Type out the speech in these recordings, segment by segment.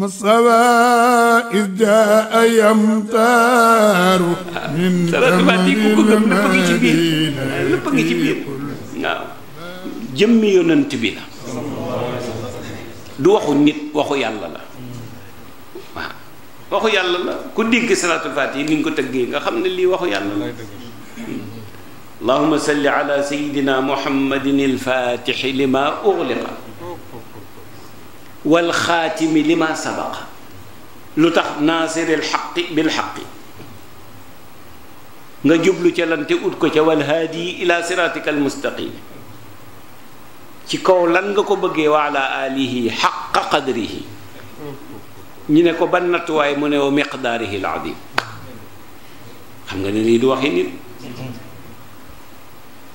مصطفى إذ جاء يمطار من jëmmi yonent bi la du waxu nit waxu yàlla la waaw waxu yàlla la ku dégg salaatul faatiha ni nga ko tëggee nga xam ne lii waxu yàlla la allahumma salli ala sayyidina muhammadin al faatihi lima ughliqa wal xaatimi lima sabaqa lu tax naasiril xaqi bil xaqi nga jublu ca lan ut ko ca wal haadi ila siraatikal mustaqim ci kaw lan nga ko bëggee wa ala alihi xaqa qadrihi ñu ne ko ban nattuwaay mu ne wa miqdaarihi al adim xam nga ne lii du waxi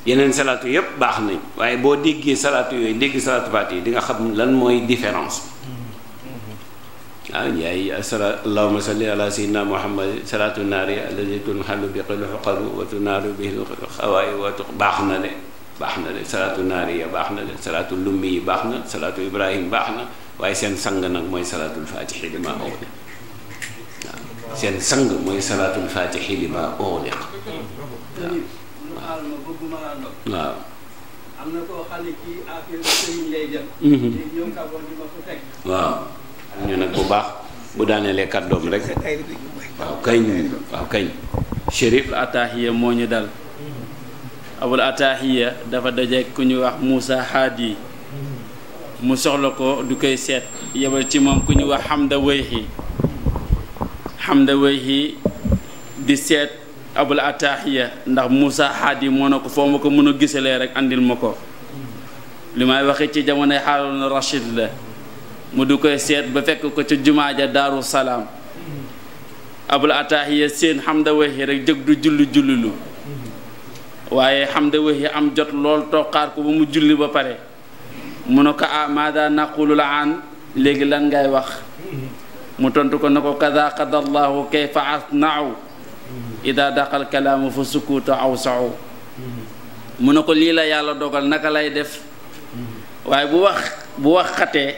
yeneen salaatu yépp baax nañ waaye boo déggee salaatu yooyu dégg salaatu faatiha di nga xam lan mooy différence bi waaw yaay allahumma salli ala sayyidina muhammad salaatu naari alladi tunxalu bi qil xuqaru wa tunaaru bi xawaay wa tu baax na de baax na de salaatu naari ya baax na de salaatu lummi yi baax na salaatu ibrahim baax na waaye seen sang nag mooy salaatul faatihi li maa uxliq waaw seen sang mooy salaatul faatihi li maa uxliq waaw waaw. am na mhm. ñu nag bu baax bu daaneelee kàddoom rek waaw kañ waaw kañ. Chérif Atahiya moo ñu dal. Abul Atahiya dafa daje ku ñu wax Moussa Hadi mu soxla ko du koy seet yebal ci moom ku ñu wax Hamda Weyhi Hamda Weyhi di seet. abul ataaxiya ndax Moussa yi moo ne ko foo ma ko mën a gisalee rek andil ma ko li may waxee ci jamonoy Haaruna Rachid la mu du koy seet ba fekk ko ca jumaa ja Daaru Salaam abul ataaxiya seen Hamda Wahi rek jëg du julli jullilu waaye Hamda Wahi am jot lool toqaar ko ba mu julli ba pare mu ne ko ah maada naqulu la aan léegi lan ngay wax mu tontu ko na ko kada qadallahu kayfa asnaaw ida daqal kalaamu fa sukkuutu aw saxu mu ne ko lii la yàlla dogal naka lay def waaye bu wax bu wax xatee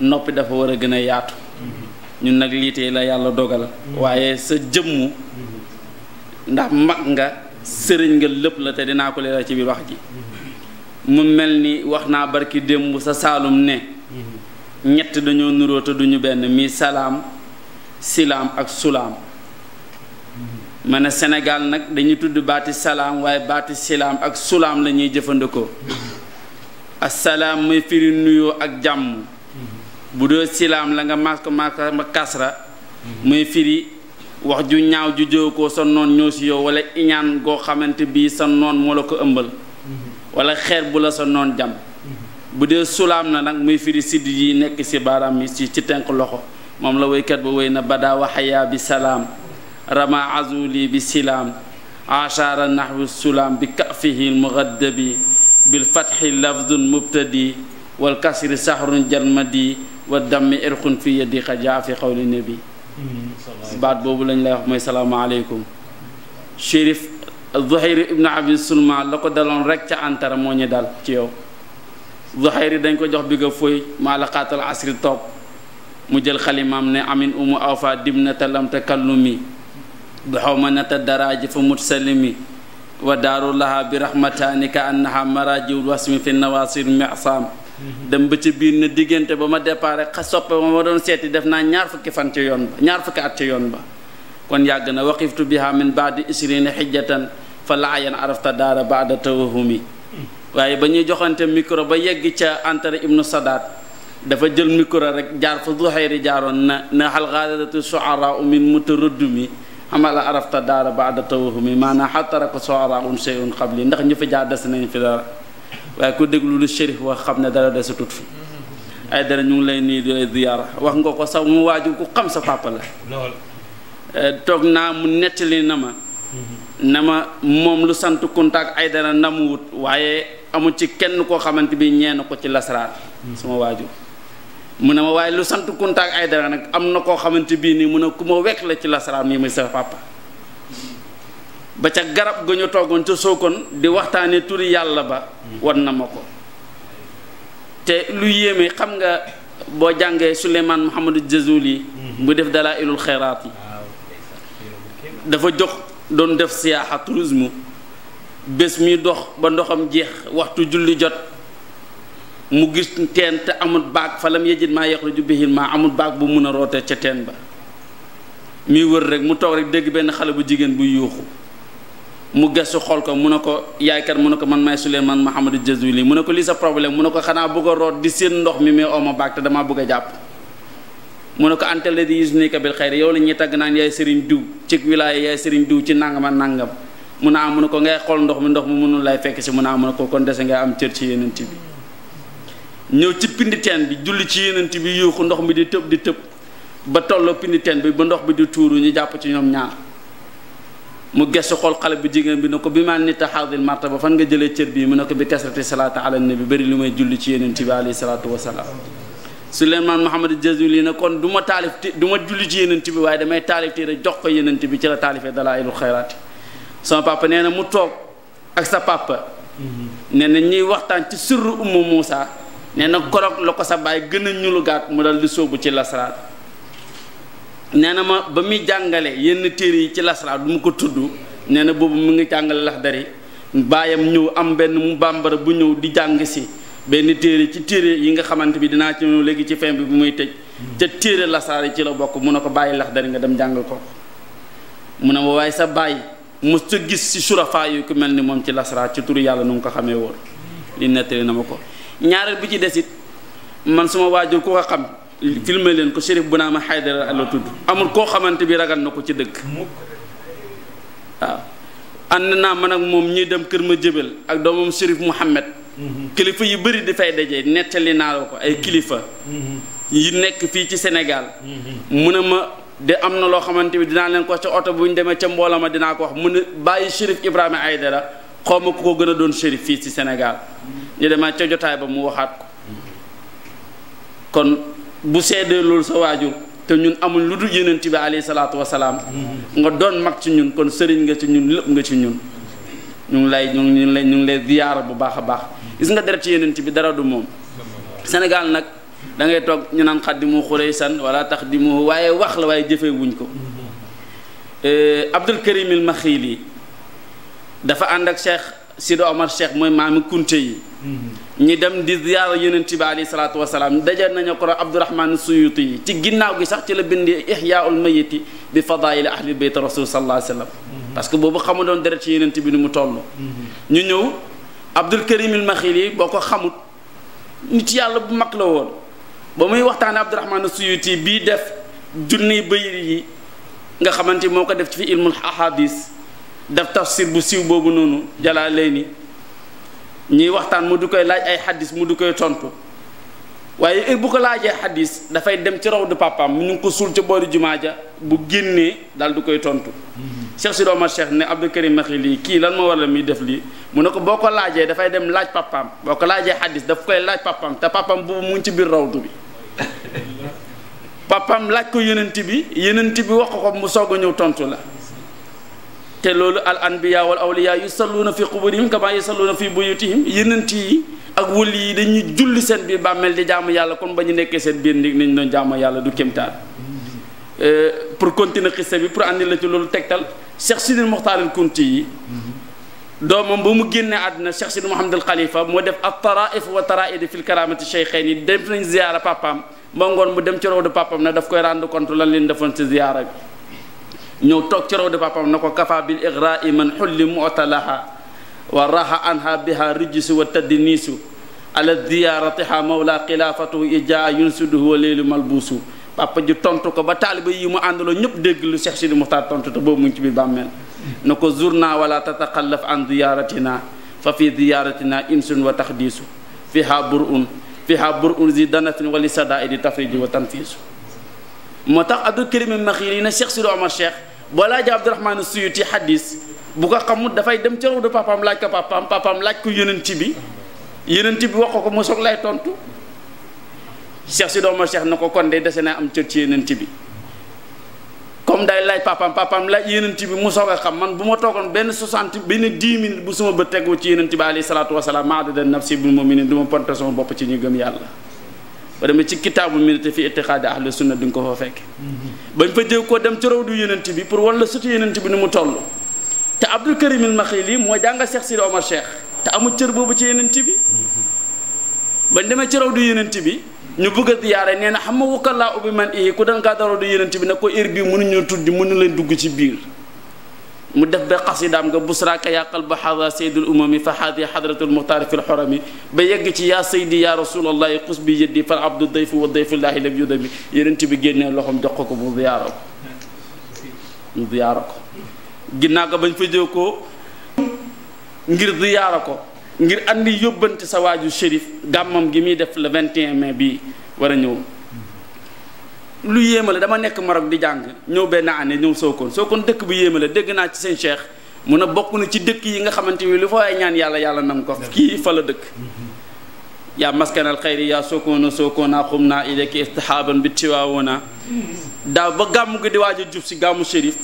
noppi dafa war a gën a yaatu ñun nag lii tey la yàlla dogal waaye sa jëmm ndax mag nga sëriñ nga lépp la te dinaa ko leeral ci biir wax ji mu mel ni wax naa barki démb sa saalum ne ñett dañoo nuroo te duñu benn mi salaam silaam ak sulaam ma ne Sénégal nag dañuy tudd baati salaam waaye baati silaam ak sulaam lañuy jëfandikoo asalaam muy firi nuyoo ak jàmm bu dee silaam la nga maas ko maas ma kasra muy firi wax ju ñaaw ju jëw sa noon ñëw si yow wala iñaan goo xamante bii sa noon moo la ko ëmbal walla xeer bu la sa noon jam bu dee sulaam na nag muy firi sidd yi nekk si baaraam yi ci ci loxo moom la woykat ba woy na badaa waxayaa bi salaam rama azuli bi silaam aashara nahwi sulaam bi kafihi lmugaddabi bilfatxi lafdun mubtadi walkasri sahrun jalmadi wa dammi irqun fi yadi xajaa fi xawli nabi baat boobu lañ lay wax mooy salaamaaleykum shérif Zuhayr ibn Abi Sulma la ko daloon rek ca antara moo ñu dal ci yow Zuhayr dañ ko jox bi nga fooy maalaqaatal asri toog mu jël xalimaam ne amin umu awfa dimnata lam takallumi xaw ma nata daraaji fu mutsalimi wa daaru laha bi rahmataanika annaha marajiwul wasmi fi nawasir mexsaam dem ba ci biir na diggante ba ma déparé xa soppe ma ma doon seeti def naa ñaar fukki fan ci yoon ba ñaar fukki at ci yoon ba kon yàgg na waqiftu biha min baadi isrina xijjatan fa laayan arafta daara baada tawahumi waaye ba ñuy joxante micro ba yegg ca antara ibnu sadaat dafa jël micro rek jaar fa zuxeeri jaaroon na na xalxaadaratu amala arafta daara baada tawahumi maanaam xattara ko soara un shay'un qabli ndax ñu fi jaar des nañ fi dara waaye ku déglu lu shérif wax xam ne dara desatut fi ay dara ñu ngi lay nii di lay ziyaara wax nga ko sax mu waajur ku xam sa papa la eh, toog naa mu nettali na ma na ma moom lu sant kuntaak ay dara namuwut waaye amu ci kenn koo xamante bi ñeen ko ci lasraar suma waajur mu ne ma waaye lu sant kuntaak ay dara nag am na koo xamante bii nii mu ne ku ma wekk la ci lasaraam yi muy sa papa ba ca garab ga ñu toogoon ca Sokone di waxtaanee turi yàlla ba wan na ma ko te lu yéeme xam nga boo jàngee Souleymane Mouhamadou Jazuli mu def dalaa ilul xayraat yi dafa jox doon def siyaaxa tourisme bés mi dox ba ndoxam jeex waxtu julli jot mu gis teen te amul baag falam yejit maa yaxruju bihi ma amul baag bu mun a rootee ca teen ba muy wër rek mu toog rek dégg benn xale bu jigéen buy yuuxu mu gestu xool ko mu ne ko yaaykat mu ne ko man may Suleymaan Mahamadu Jazuli mu ne ko lii sa problème mu ne ko xanaa bëgg a root di seen ndox mi mais ooma baag te damaa bëgg a jàpp mu ne ko antale di yusnika bil xayri yow la ñuy tagg naan yaay sëriñ diw ci wilaaya yaay sëriñ diw ci nàngama nàngam mu ne mu ne ko ngay xool ndox mi ndox mu mënul lay fekk si mu ne am ko kon dese ngay am cër ci yeneen bi ñëw ci pindi teen bi julli ci yenant bi yuuxu ndox mi di tëb di tëb ba tolloo pindi teen bi ba ndox bi di tuuru ñu jàpp ci ñoom ñaar mu gesu xool xale bu jigéen bi ne ko bi maa nit a xaadil martaba fan nga jëlee cër bii mu ne ko bi kasrati salaati ala bi bëri lu may julli ci yenant bi alayhi salaatu wasalaam Suleymaan Muhammad Jazuli ne kon du ma taalif du ma julli ci yenant bi waaye damay taalif téere jox ko yenant bi ci la taalifee dalaa'ilul xayraati sama papa nee na mu toog ak sa papa mm-hmm. nee na ñuy waxtaan ci sirru ummu Muusa nee na korog la ko sa baay gën a ñulu mu dal di sóobu ci lasraar nee na ma ba muy jàngale yenn téere yi ci lasraar du mu ko tudd nee na boobu mu ngi jàngale laxdari baayam ñëw am benn mu bambara bu ñëw di jàng si benn téere ci téere yi nga xamante bi dinaa ci ñëw léegi ci fin bi bu muy tëj ca téere lasraar yi ci la bokk mun ne ko bàyyi laxdari nga dem jàng ko mu ne ma waaye sa baay mos sa gis si surafa yu ku mel ni moom ci lasraar ci turu yàlla nu mu ko xamee woon li nettali na ko ñaareel bi ci desit man suma waajur ko ko xam filmé leen ko bu Chérif Bounama Aidara la tudd amul koo xamante bi ragal na ko ci dëkk waaw ànd naa man ak moom ñuy dem kër ma jëbal ak doomam Chérif Mouhamed mhm. kilifa yu bëri di fay daje nettali naa la ko ay kilifa mhm. yi nekk fii ci senegal mhm. mu ne ma de am na loo xamante bi dinaa leen ko ca oto bu ñu demee ca mbooloo ma dinaa ko wax mu ne bàyyi Chérif Ibrahima Aidara xaw ma ku ko gën a doon shérif fii ci Sénégal ñu demaat ca jotaay ba mu waxaat ko kon bu seddee loolu sa waajur te ñun amul lu dul yonent bi alayhi salaatu wasalaam nga doon mag ci ñun kon sëriñ nga ci ñun lépp nga ci ñun ñu ngi lay ñu ngi lay ñu ngi lay ziyaara bu baax a baax gis nga deret ci yonent bi dara du moom Sénégal nag dangay ngay toog ñu naan xaddimu xuraysan wala tax dimu waaye wax la waaye jëfee wuñ ko eh, Abdul Karim al Makhili dafa ànd ak cheikh Sido Omar Cheikh mooy maami kunte yi mm-hmm. ñi dem di ziyaara yonent bi alayhi salaatu wasalaam daje nañu ko Abdurahmaan Suyuti yi ci ginnaaw gi sax ci la bind Ihyaa'ul Mayyiti bi fadaa'ili ahli bayt rasul parce que boobu xamu doon deret ci yonent bi ni mu toll mm-hmm. ñu ñëw Abdul Karim al Maxili boo ko xamut nit yàlla bu mag la woon ba muy waxtaane Abdurahmaan Suyuti bii def junniy bayri yi nga xamante moo ko def ci fi ilmul ahadis def tafsir bu siiw boobu noonu ni ñuy waxtaan mu du koy laaj ay xaddis mu du koy tontu waaye heure bu ko laajee xaddis dafay dem ci raw du papaam mu ngi ko suul ca boori jumaa ja bu génnee daal du koy tontu. Cheikh Sidi Omar Cheikh ne Abdou Karim Makhili kii lan moo war la muy def lii mu ne ko boo ko laajee dafay dem laaj papaam boo ko laajee xaddis daf koy laaj papaam te papaam boobu mu ngi ci biir raw rawdu bi. papaam laaj ko yonent bi yonent bi wax ñëw tontu la. te loolu al anbiya wal awliya yusalluuna fi quburihim kama yusalluuna fi buyutihim yenent yi ak wëli yi dañuy julli seen biir bàmmeel di jaamu yàlla kon ba ñu nekkee seen biir ni nañ doon jaamu yàlla du kémtaan euh, pour continuer xiste bi pour àndi la ci loolu tegtal Cheikh si Mokhtar al Kunti yi doomam ba mu génnee àddina Cheikh Sidi Mouhamed al Khalifa moo def ak taraif wa taraidi fil karamati cheikhain yi def nañ ziyaara papaam moo ngoon mu dem ci raw du papaam nag daf koy rendre compte lan leen defoon ci bi ñëw toog ci raw de papam na ko kafa bil igraai man xulli mutalaha wa raha anha biha rijisu wa tadniisu ala diyaaratiha mawla xilaafatuhu ijaa yunsuduhu wa leelu malbuusu papa tontu ko ba taaliba yi mu àndaloo ñëpp dégg lu Cheikh Sidi Muxtaar tontu te boobu mu ngi ci na ko zurna wala tataqallaf an diyaaratina fa fi diyaaratina insun wa taxdiisu fiha burun fiha burun zi danatin wali sadaidi tafriji wa tanfiisu moo tax Abdul Karim walaa ji Abdurahmaan Suyuti xadis bu ko xam mu dafay dem ca de papaam laaj ko papaam papaam laaj ko yonent bi yeneen bi wax ko mu soog lay tontu Cheikh si dooma Cheikh na ko kon de dese naa am cër ci yonent bi comme day laaj papaam papaam laaj yonent bi mu soog a xam man bu ma toogoon benn soixante benn dix bu suma bët tegoo ci yonent bi alayhi salaatu wasalaam maadada nafsi bil muminin du ma ponte sama bopp ci ñu gëm yàlla ba demee ci kitaabu minute fi itixaadi ahlu sunna di nga ko fa fekke mhm. bañ fa jëw koo dem ci du yonent bi pour wala sutu yonent bi ni mu toll te abdul karim al maxili moo jàngal cheikh sidi omar cheikh te amul cër boobu ci yonent bi mhm. bañ demee ci rawdu yonent bi ñu bëgg a ziyaare nee na xam nga wukkallaa ubbi man ihi ku dan gaa da rawdu yonent bi nag ko ir er bi mënuñu tuddi mënu leen dugg ci biir mu def ba xasidaam nga busraaka yaa qalba xaada saydul umami fa xaadi xadratul muxtaari fi lxorami ba yegg ci yaa saydi yaa rasulallahi xus bi yëddi fal abdu dayfu wa dayfullahi lam yudami yonent bi génnee loxoom jox ko ko mu ziyaara ko mu ko bañ fa jëw ko ngir ziyaara ko ngir indi yóbbante sa waaju shérif gàmmam gi muy def le 21 mai bi war a ñëw lu yéema la dama nekk Maroc di jàng ñëw benn année ñëw Sokone Sokone dëkk bu yéema la dégg naa ci seen cheikh mun a bokk na ci dëkk yi nga xamante ni lu fa waay ñaan yàlla yàlla nam ko kii fa la dëkk mhm. yaa maskanal xayri yaa Sokone Sokone a xum naa ilayka istihaaban bi tiwaawoona daaw ba gàmm gi di waaj a si gàmmu shérif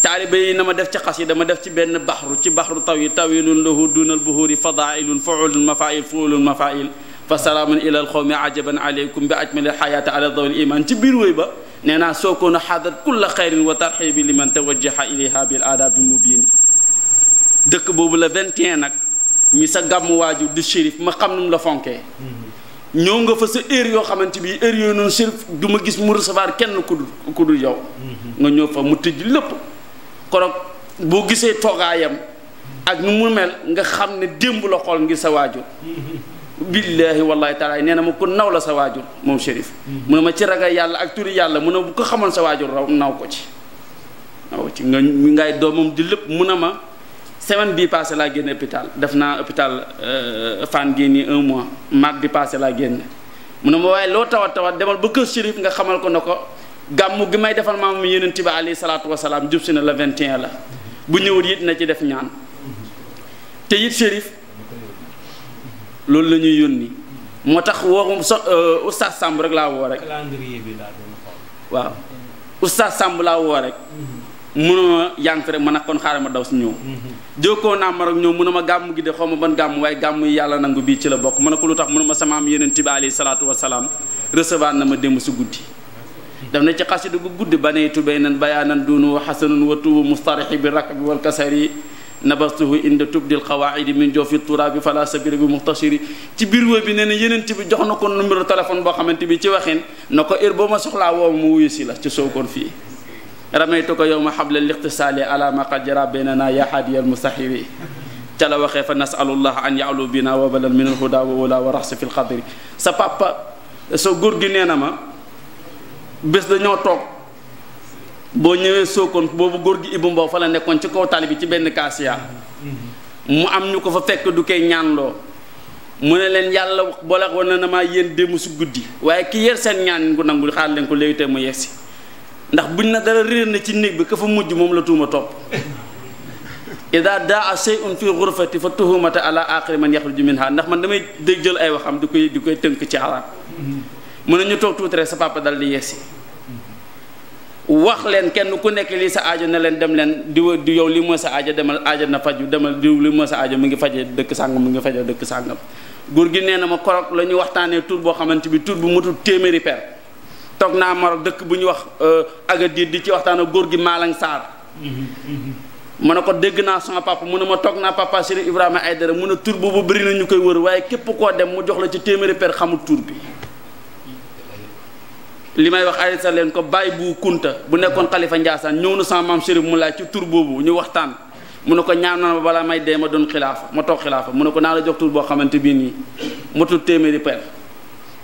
taalibe yi na ma def ci xas yi dama def ci benn baxru ci baxru taw yi tawilun lahu dunal buhuri fadailun fuulun mafail fuulun mafail fa salaamun ilal xawmi ajaban aleykum bi ajmali xayaata ala dawil iman ci biir wéy ba nee naa soo koon a xaadat kulla xayrin wa tarxibi liman tawajjaha ilayha bil aadabi mubin dëkk boobu la 21 nag mi sa gàmmu waajur di shérif ma xam nu la fonkee ñëw nga fa sa heure yoo xamante bii heure yooyu noonu shérif du ma gis mu recevoir kenn ku dul ku dul yow nga ñëw fa mu tëj lépp korog boo gisee toogaayam ak nu mu mel nga xam ne démb la xool ngi sa waajur billaahi wallaahi taala nee na ma ku naw la sa waajur moom shérif mu ne ma ci ragal yàlla ak turi yàlla mu ne bu ko xamoon sa waajur raw naw ko ci naw ko ci nga ngay doomam di lépp mun a ma semaine bii passé laa génn hôpital def naa hôpital euh, fan gii nii un mois mars bi passé laa génn mu ne ma waaye loo tawat tawat demal ba kër shérif nga xamal ko ne ko gàmmu gi may defal maam yeneen tiba alayhi salaatu wasalaam jub si na la 21 la bu ñëwut yit na ci def ñaan loolu la ñuy yónni moo tax woo so euh, oustaz Samb rek laa woo rek. calendrier bi laa doon waaw oustaz Samb laa woo rek. Mhm. mënuma yànk rek man a kon xaaral ma daw si ñëw. Mhm. jokkoo naa ma rek ñëw mënuma gàmm gi de xaw ma ban gàmm waaye gàmm yi yàlla nangu bii ci la bokk mën a ko lu tax mënuma sama am yeneen tibi alayhi salaatu wa salaam recevoir na ma démb si guddi. daf na ci xasidu bu guddi banaytu baynan bayaanan duunu wa xasanun wa tuubu mustarixi bi rakbi wal kasari nabastuhu inda tubdil xawaidi min jofi turaabi fala sabira bi muxtasiri ci biir woo bi nee na yeneen bi jox na ko numéro téléphone boo xamante bi ci waxin na ko heure boo ma soxlaa woo mu wuyu si la ci Sokone fii ramaytu ko yow ma xable lixtisaali ala ma qad jara baynana ya haadiyal mustaxiri ca la waxee fa nasalullah an yalu bina wa balal min alhuda wa wala wa raxsi fi lxadri sa papa sa góor gi nee na ma bés dañoo toog boo ñëwee Sokone boobu góor gi Ibou mboo fa la nekkoon ci kaw tali bi ci benn kaasiya mu am ñu ko fa fekk du koy ñaanloo mu ne leen yàlla boole woon na maa yéen démb su guddi waaye ki yer seen ñaan ko nangul xaar leen ko léegi tey mu si ndax buñ na dara réer na ci néeg bi ka fa mujj moom la tuuma topp ida daa shay'un fi ghurfati fa tuhumata ala aaxiri man yaxruju minha ndax man damay dégg jël ay waxam di koy di koy tënk ci xalaat mm-hmm. mu ne ñu toog sa papa dal di yegsi wax leen kenn ku nekk lii sa aajo na leen dem leen diw di yow lii mooy sa ajo demal aajo na faju demal diw lii mooy sa ajo mu ngi faje dëkk sàngam mu ngi faje dëkk sàngam góor gi nee na ma korog la ñu waxtaanee tur boo xamante bi tur bu matul téeméeri per toog naa Maroc dëkk bu ñu wax euh, Agadir di ci waxtaan ak góor gi Malang Sarr mm-hmm. ma ne ko dégg naa sama papa mu ne ma toog naa papa Chérif ay Aïdara mun a tur bu bëri na ñu koy wër waaye képp koo dem mu jox la ci téeméeri per xamul tur bi li may wax ay sa leen ko bàyyi bu kunta bu nekkoon xalifa Ndiassane ñëw na saa maam Chérif mu laaj ci tur boobu ñu waxtaan mu ne ko ñaan na ma balaa may dee ma doon xilaafa ma toog xilaafa mu ne ko naa la jox tur boo xamante bii nii matul téeméeri per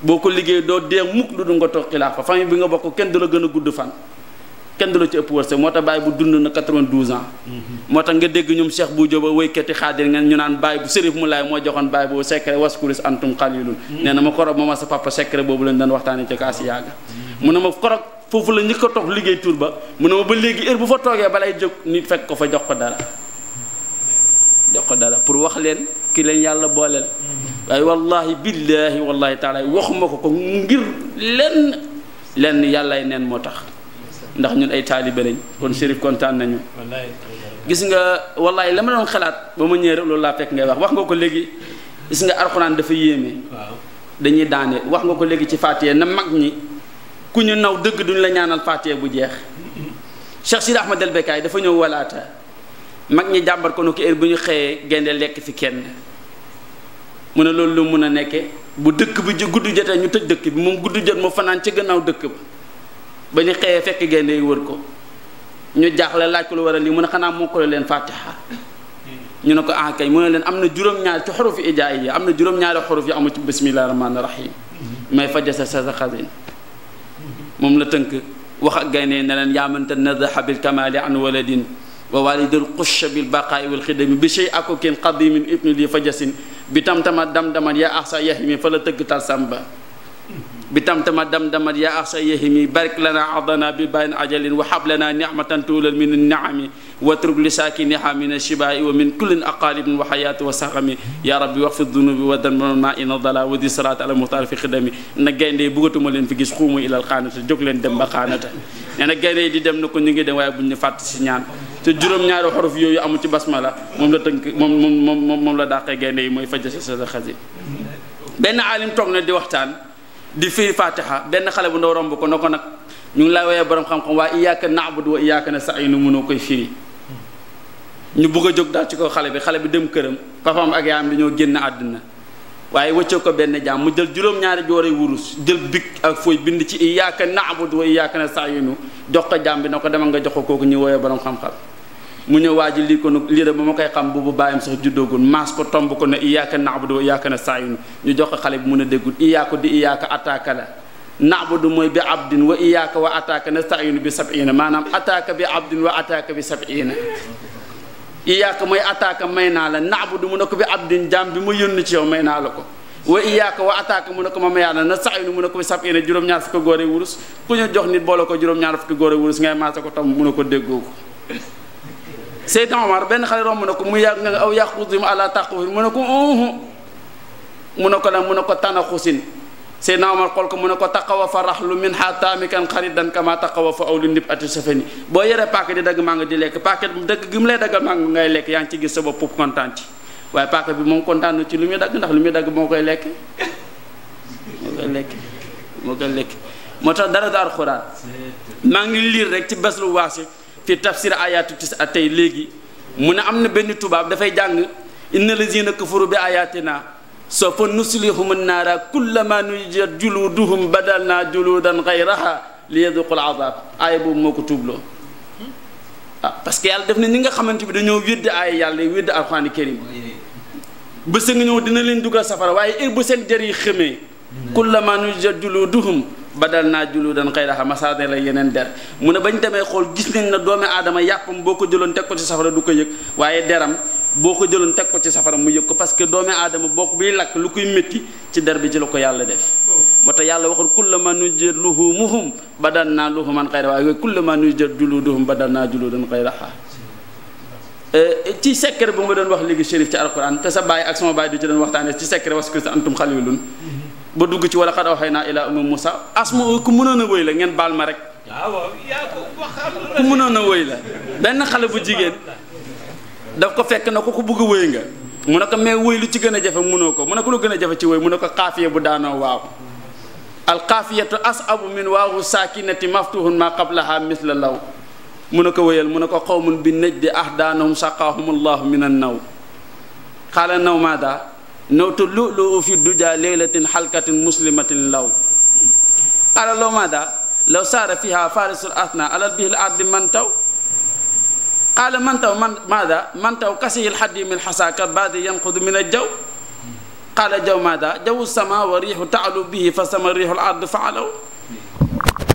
boo ko liggéey doo dee mukk lu du nga toog xilaafa famille bi nga bokk kenn du la gën a gudd fan kenn du la ci ëpp wërsëg moo tax Baye bu dund na 92 ans mhm. moo tax nga dégg ñoom Cheikh bu Jóoba wéykati xaadir nga ñu naan Baye bu Sërif mu laay moo joxoon Baye boobu secret waskuris antum xalilun mhm. nee ma korog ma ma sa papa secret boobu lañ doon waxtaanee mhm. ma korog foofu la njëkk a toog liggéey tur ba mu ne ma ba léegi heure bu fa toogee balay jóg nit fekk ko fa jox ko dara jox ko dara pour wax leen ki leen yàlla booleel waaye wallahi billahi wallahi taala waxuma ko ko ngir lenn lenn yàllay neen moo tax ndax ñun ay taalibe lañ kon Chérif kontaan nañu gis nga wallaay la ma doon xalaat ba ma ñëwee loolu laa fekk ngay wax wax nga ko léegi gis nga alxuraan dafa yéeme dañuy daane wax nga ko léegi ci Faatiha na mag ñi ku ñu naw dëgg duñ la ñaanal Faatiha bu jeex Cheikh Sidi Ahmad El Bekkaay dafa ñëw walaata mag ñi jàmbar ko ne ko heure bu ñu xëyee gaynde lekk fi kenn mu ne loolu lu mun a nekke bu dëkk bi gudd jotee ñu tëj dëkk bi moom gudd jot moo fanaan ci gannaaw dëkk ba ñu xëyee fekk gaynde yi wër ko ñu jaaxle laaj ko lu waral lii mu ne xanaa moo ko leen fatiha ñu ne ko ah kay mu ne leen am na juróom-ñaari ci xuruf ijaay yi am na juróom-ñaari xuruf yi amu ci bismillahi rahmaani rahim may fajasa sasa xasin moom la tënk wax ak gaynde ne leen yaamante nadaxa bil kamali an waladin wa walidal xusha bil baqaai wal xidami bi shay ako kin qadimin ibni li fajasin bi tam-tama dam-daman yaa sa yahimi fa la tëgg tal samba بتمتم دمدما يا أخشى يهمي بارك لنا عضنا بباين عجل وحب لنا نعمة طول من النعم واترك لساكنها من الشباء ومن كل أقالب وحياة وسقم يا ربي واغفر الذنوب ودم الماء نضلا ودي صلاة على المختار في خدمي نجاين دي بغتuma leen fi gis xuumu ilal xaanata jóg leen dem ba xaanata nee na gaynde di dem na ko ñu ngi dem waaye buñ ñu fàtt si ñaan te juróom-ñaari xorof yooyu amu ci basmala moom la tënk moom moom moom moom la dàqee gaynde yi mooy fajjasa sa xasi benn alim toog na di waxtaan di fii fatiha benn xale bu ndaw romb ko na ko nag ñu ngi laa woowee borom xam-xam waa iyyaka na'budu wa iyyaka nasta'in mënoo koy firi ñu bëgg a jóg daal ci ko xale bi xale bi dem këram papaam ak yaayam dañoo génn àdduna waaye wëcce ko benn jaam mu jël juróom-ñaari joore wurus jël bik ak fooy bind ci iyyaka na'budu wa iyyaka nasta'in jox ko jaam bi na ko demal nga jox ko kooku ñuy woowee boroom xam-xam mu ñëw waa ji lii ko lii da ba ma koy xam bu bàyyam sax juddoogul maas ko tomb ko ne iyaaka na'budu wa iyaaka nasta'iin ñu jox ko xale bi mun a déggul iyaaka di iyaaka ataaka la na'budu mooy bi abdin wa iyaaka wa ataaka nasta'iin bi sab'iina maanaam ataaka bi abdin wa ataaka bi sab'iina iyaaka mooy ataaka may naa la na'budu mu ne jaam bi ma yónni ci yow may naa la ko wa iyaaka wa ataaka mu ne ko ma mayaa la nasta'iin mu ne ko bi ñaar fukki góore wurus ku ko juróom-ñaar fukki góore ko tomb mu ne ko déggoo ko Seydina Omar benn xale romb na ko mu yàgg nga aw yàqusim àla taqufin mu ne ko uhu mu ne ko lan mu ne ko tanaxusin Seydina Omar xool ko mu ne ko taqawa fa raxlu min ha taamikan xaridan kama taqawa fa aw lu nib ati safani boo yore paaka di dagg mango di lekk paaka dëgg gi mu lay daggal mango ngay lekk yaa ngi ci gis sa bopp kontaan ci waaye paaka bi moom kontaan na ci lu muy dagg ndax lu muy dagg moo koy lekk moo koy lekk moo tax dara du alxuraan maa ngi te tafsir ayaatu tis a tey léegi mu ne am na benn tubaab dafay jàng inna lazina kafaru bi ayatina sawfa nuslihum naara kullama nujjat juluduhum badal naa juludan xayraha li yaduqul azab aaya boobu moo ko tuubloo ah parce que yàlla def na ñi nga xamante bi dañoo yàlla wéddi alxuraan karim bés ñëw dina leen dugal safar waaye bu seen jër yi xëmee kullama nujjat juluduhum badal naa julu dan xay daxa masaade la yeneen der mu ne bañ demee xool gis nañ ne doomi aadama yàppam boo ko jëloon teg ko ci safara du ko yëg waaye deram boo ko jëloon teg ko ci safara mu yëg ko parce que doomi aadama bokk biy lakk lu koy métti ci der bi ci la ko yàlla def moo tax yàlla waxul kullama nujadluhumuhum badal naa luhuman xay daxa waaye kullama nujad juluduhum badal naa julu dan xay daxa euh, ci secret bu ma doon wax léegi shérif ci alquran te sa baay ak sama baay du ci doon waxtaane ci secret was ko sa antum xalilun ba dugg ci wala xad waxee naa ilaa ummi Moussa asma ku mënoon a wëy la ngeen baal ma rek. waaw yaa ko ku mënoon wëy la benn xale bu jigéen daf ko fekk na ko ku bugg a wëy nga mu ne ko mais wëy lu ci gën a jafe mënoo ko mu ne ko lu gën a jafe ci wëy mu ko xaafiya bu daanoo waaw. alxaafiyatu asabu min waawu saakinati maftuhun ma qablaha misla law mu ne ko wéyal mu ne ko xawmun bi najdi ahdaanahum saqaahum allahu min an naw xaala naw maada nawtu lu'lu'u fi duja laylatin halkatin muslimatin law ala law maada law saara fiha farisul athna alal bihil ardi man taw qaala man taw man maada man taw kasihil hadimil hasaka baadi yanqudu min aljaw qaala jaw maada jawu sama wa riixu taalu bihi fa sama riixul ard faalaw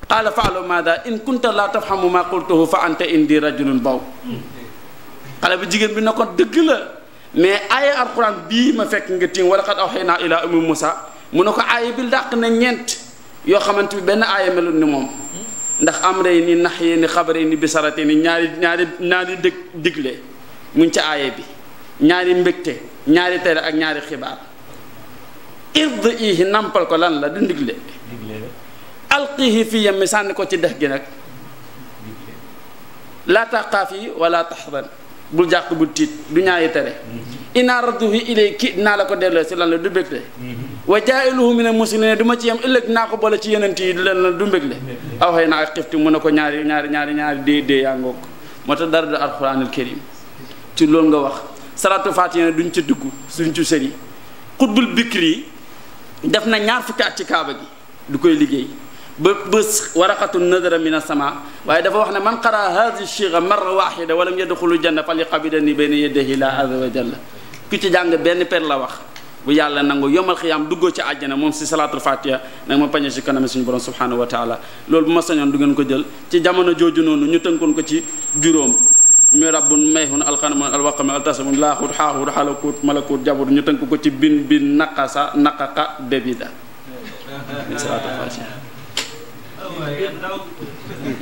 qaala faalaw maada in kunta laa tafhamu ma qultuhu fa anta indi rajulun baw xale bu jigéen bi na ko dëgg la mais aaya alquran bii ma fekk nga tiim wala xad awxaynaa ilaa ummi Musa mu ne ko aaya bi dàq na ñeent yoo xamante bi benn aaya melut ni moom ndax am rey nii nax yee ni xabar yi ni bisarate ni ñaari ñaari ñaari dëg digle muñ ci aaya bi ñaari mbëgte ñaari tere ak ñaari xibaar ird ihi nampal ko lan la du ndigle alqihi fi yam mi sànni ko ci dex gi nag laa taqaaf yi wala taxdan bul jàq bul tiit du ñaari tere mm-hmm. inaa radduhu ilayki dinaa la ko delloo si lan la du mbégte mm-hmm. wa jaa'iluhu mina muslimina du duma ci yem ëllëg naa ko boole ci yeneen yi du leen du mbégte mm-hmm. aw xëy na ak xifti mu ne ko ñaari ñaari ñaari ñaari dee dee yaa ngoog moo tax dara du alxuraanul karim ci loolu nga wax salaatu salatu fatiha duñ ci dugg suñ ci sëri xutbul bikri yi def na ñaar fukki at ci kaaba gi du koy liggéey ba bés waraqatu nadara min sama waaye dafa wax ne man qara hadi chiga marra waxida walam yadxulu janna fali qabidani bayna yadayhi la azza wa jalla ku ci jàng benn per la wax bu yàlla nangu yomal xiyaam duggoo ci àjjana moom si salaatul fatiha nag ma pañe si kanam suñu borom subhanahu wa taala loolu bu ma sañoon du ngeen ko jël ci jamono jooju noonu ñu tënkoon ko ci juróom mi rabbun mayhun alxanamun alwaqami altasamun laaxut xaaxut xalakut malakut jabut ñu tënk ko ci bin bin naqasa naqaqa debida salaatul fatiha